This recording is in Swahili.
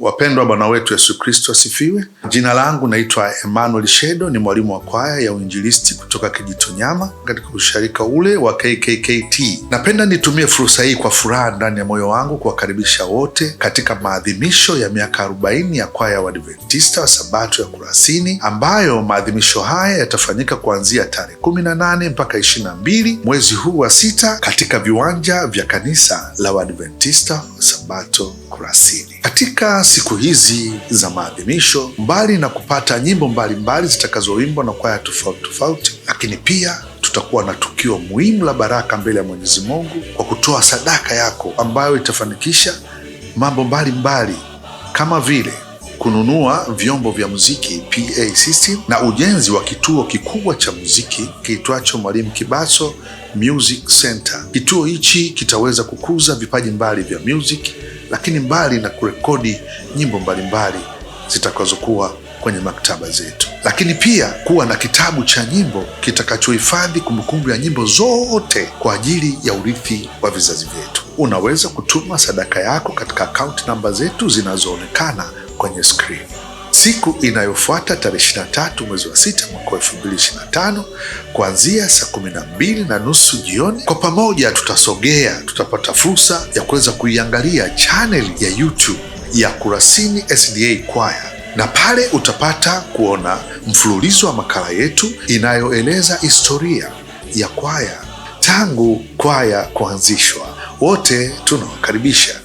Wapendwa, Bwana wetu Yesu Kristo asifiwe. Jina langu naitwa Emmanuel Shedo, ni mwalimu wa kwaya ya uinjilisti kutoka Kijitonyama katika usharika ule wa KKKT. Napenda nitumie fursa hii kwa furaha ndani ya moyo wangu kuwakaribisha wote katika maadhimisho ya miaka 40 ya kwaya ya wadventista wa Sabato ya Kurasini, ambayo maadhimisho haya yatafanyika kuanzia tarehe 18 mpaka 22 mwezi huu wa sita katika viwanja vya kanisa la Waadventista Sabato Kurasini. Katika siku hizi za maadhimisho, mbali na kupata nyimbo mbalimbali zitakazoimbwa na kwaya tofauti tofauti, lakini pia tutakuwa na tukio muhimu la baraka mbele ya Mwenyezi Mungu kwa kutoa sadaka yako ambayo itafanikisha mambo mbalimbali mbali, kama vile kununua vyombo vya muziki PA system na ujenzi wa kituo kikubwa cha muziki kiitwacho Mwalimu Kibaso Music Center. Kituo hichi kitaweza kukuza vipaji mbali vya music, lakini mbali na kurekodi nyimbo mbalimbali zitakazokuwa kwenye maktaba zetu, lakini pia kuwa na kitabu cha nyimbo kitakachohifadhi kumbukumbu ya nyimbo zote kwa ajili ya urithi wa vizazi vyetu. Unaweza kutuma sadaka yako katika akaunti namba zetu zinazoonekana kwenye skrini. Siku inayofuata tarehe 23 mwezi wa 6 mwaka 2025 kuanzia saa kumi na mbili na nusu jioni, kwa pamoja tutasogea, tutapata fursa ya kuweza kuiangalia chaneli ya YouTube ya Kurasini SDA Kwaya na pale utapata kuona mfululizo wa makala yetu inayoeleza historia ya kwaya tangu kwaya kuanzishwa. Wote tunawakaribisha.